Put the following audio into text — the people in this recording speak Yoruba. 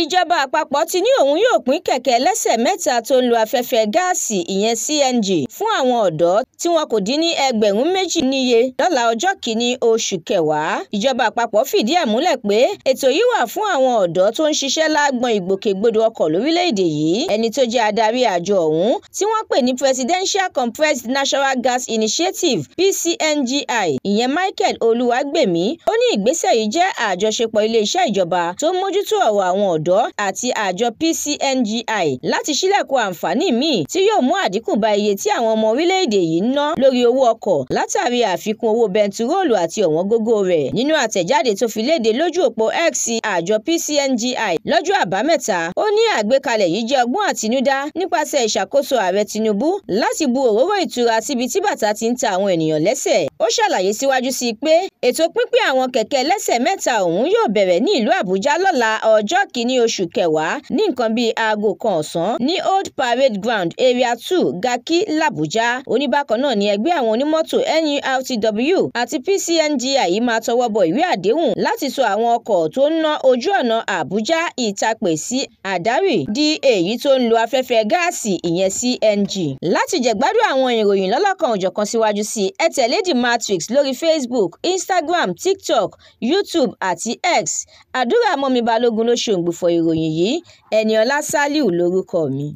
ìjọba àpapọ̀ ti ní òun yóò pín kẹ̀kẹ́ ẹlẹ́sẹ̀ mẹ́ta tó ń lo afẹ́fẹ́ gáàsì ìyẹn cng fún àwọn ọ̀dọ́ tí wọn kò dín ní ẹgbẹ̀rún méjì níye lọ́la ọjọ́ kìíní oṣù kẹwàá ìjọba àpapọ̀ fìdí ẹ̀ múlẹ̀ pé ètò yìí wà fún àwọn ọ̀dọ́ tó ń ṣiṣẹ́ lágbọn ìgbòkègbodò ọkọ̀ lórílẹ̀‐èdè yìí ẹni tó jẹ́ adarí àjọ ọ̀hún tí wọ́n pè ní presidential compressed natural gas initiative pcngi ìyẹn michael olúwàgbèmí ó ní ìgbésẹ̀ yìí jẹ́ àjọṣepọ̀ iléeṣẹ́ ìjọba tó mójútó ọ̀rọ̀ àwọn ọ̀d ọ̀dọ́ àti àjọ PCNGI láti ṣílẹ̀kùn àǹfààní míì tí yóò mú àdínkù bá iye tí àwọn ọmọ orílẹ̀-èdè yìí ń ná lórí owó ọkọ̀ látàrí àfikún owó bẹntiróòlù àti ọ̀wọ́ngógó rẹ̀. Nínú àtẹ̀jáde tó fi léde lójú òpó X àjọ PCNGI lọ́jọ́ àbámẹ́ta, ó ní àgbékalẹ̀ yìí jẹ́ ọgbọ́n àtinúdá nípasẹ̀ ìṣàkóso ààrẹ Tinubu láti bu òróró ìtura síbi tí bàtà ti ń ta àwọn ènìyàn lẹ́sẹ̀. Ó ṣàlàyé síwájú sí i pé ètò pínpín àwọn kẹ̀kẹ́ lẹ́sẹ̀ mẹ́ta òun yóò bẹ̀rẹ̀ ní ìlú Àbújá lọ́la ọjọ́ kìíní ní oṣù kẹwàá ní nǹkan bíi aago kan ọ̀sán ní old parade ground area two garki làbújá oníbàkan náà ní ẹgbẹ́ àwọn onímọ́tò nurtw àti pcngi yìí máa tọwọ́ bọ ìwé àdéhùn láti sọ àwọn ọkọ̀ tó ń ná ojú ọ̀nà àbújá ìtàpè sí àdárì di èyí tó ń lo afẹ́fẹ́ gáàsì ìyẹn cng láti jẹ̀gbádùn àwọn ìròyìn lọ́lọ́kan òjọ̀kan síwájú sí ẹ tẹ̀lé matrix lórí facebook instagram tiktok youtube àti x àdúrà mọ́mi balógun ló ṣòǹgbò olùfọ ìròyìn yìí eniola salihu lorúkọ mi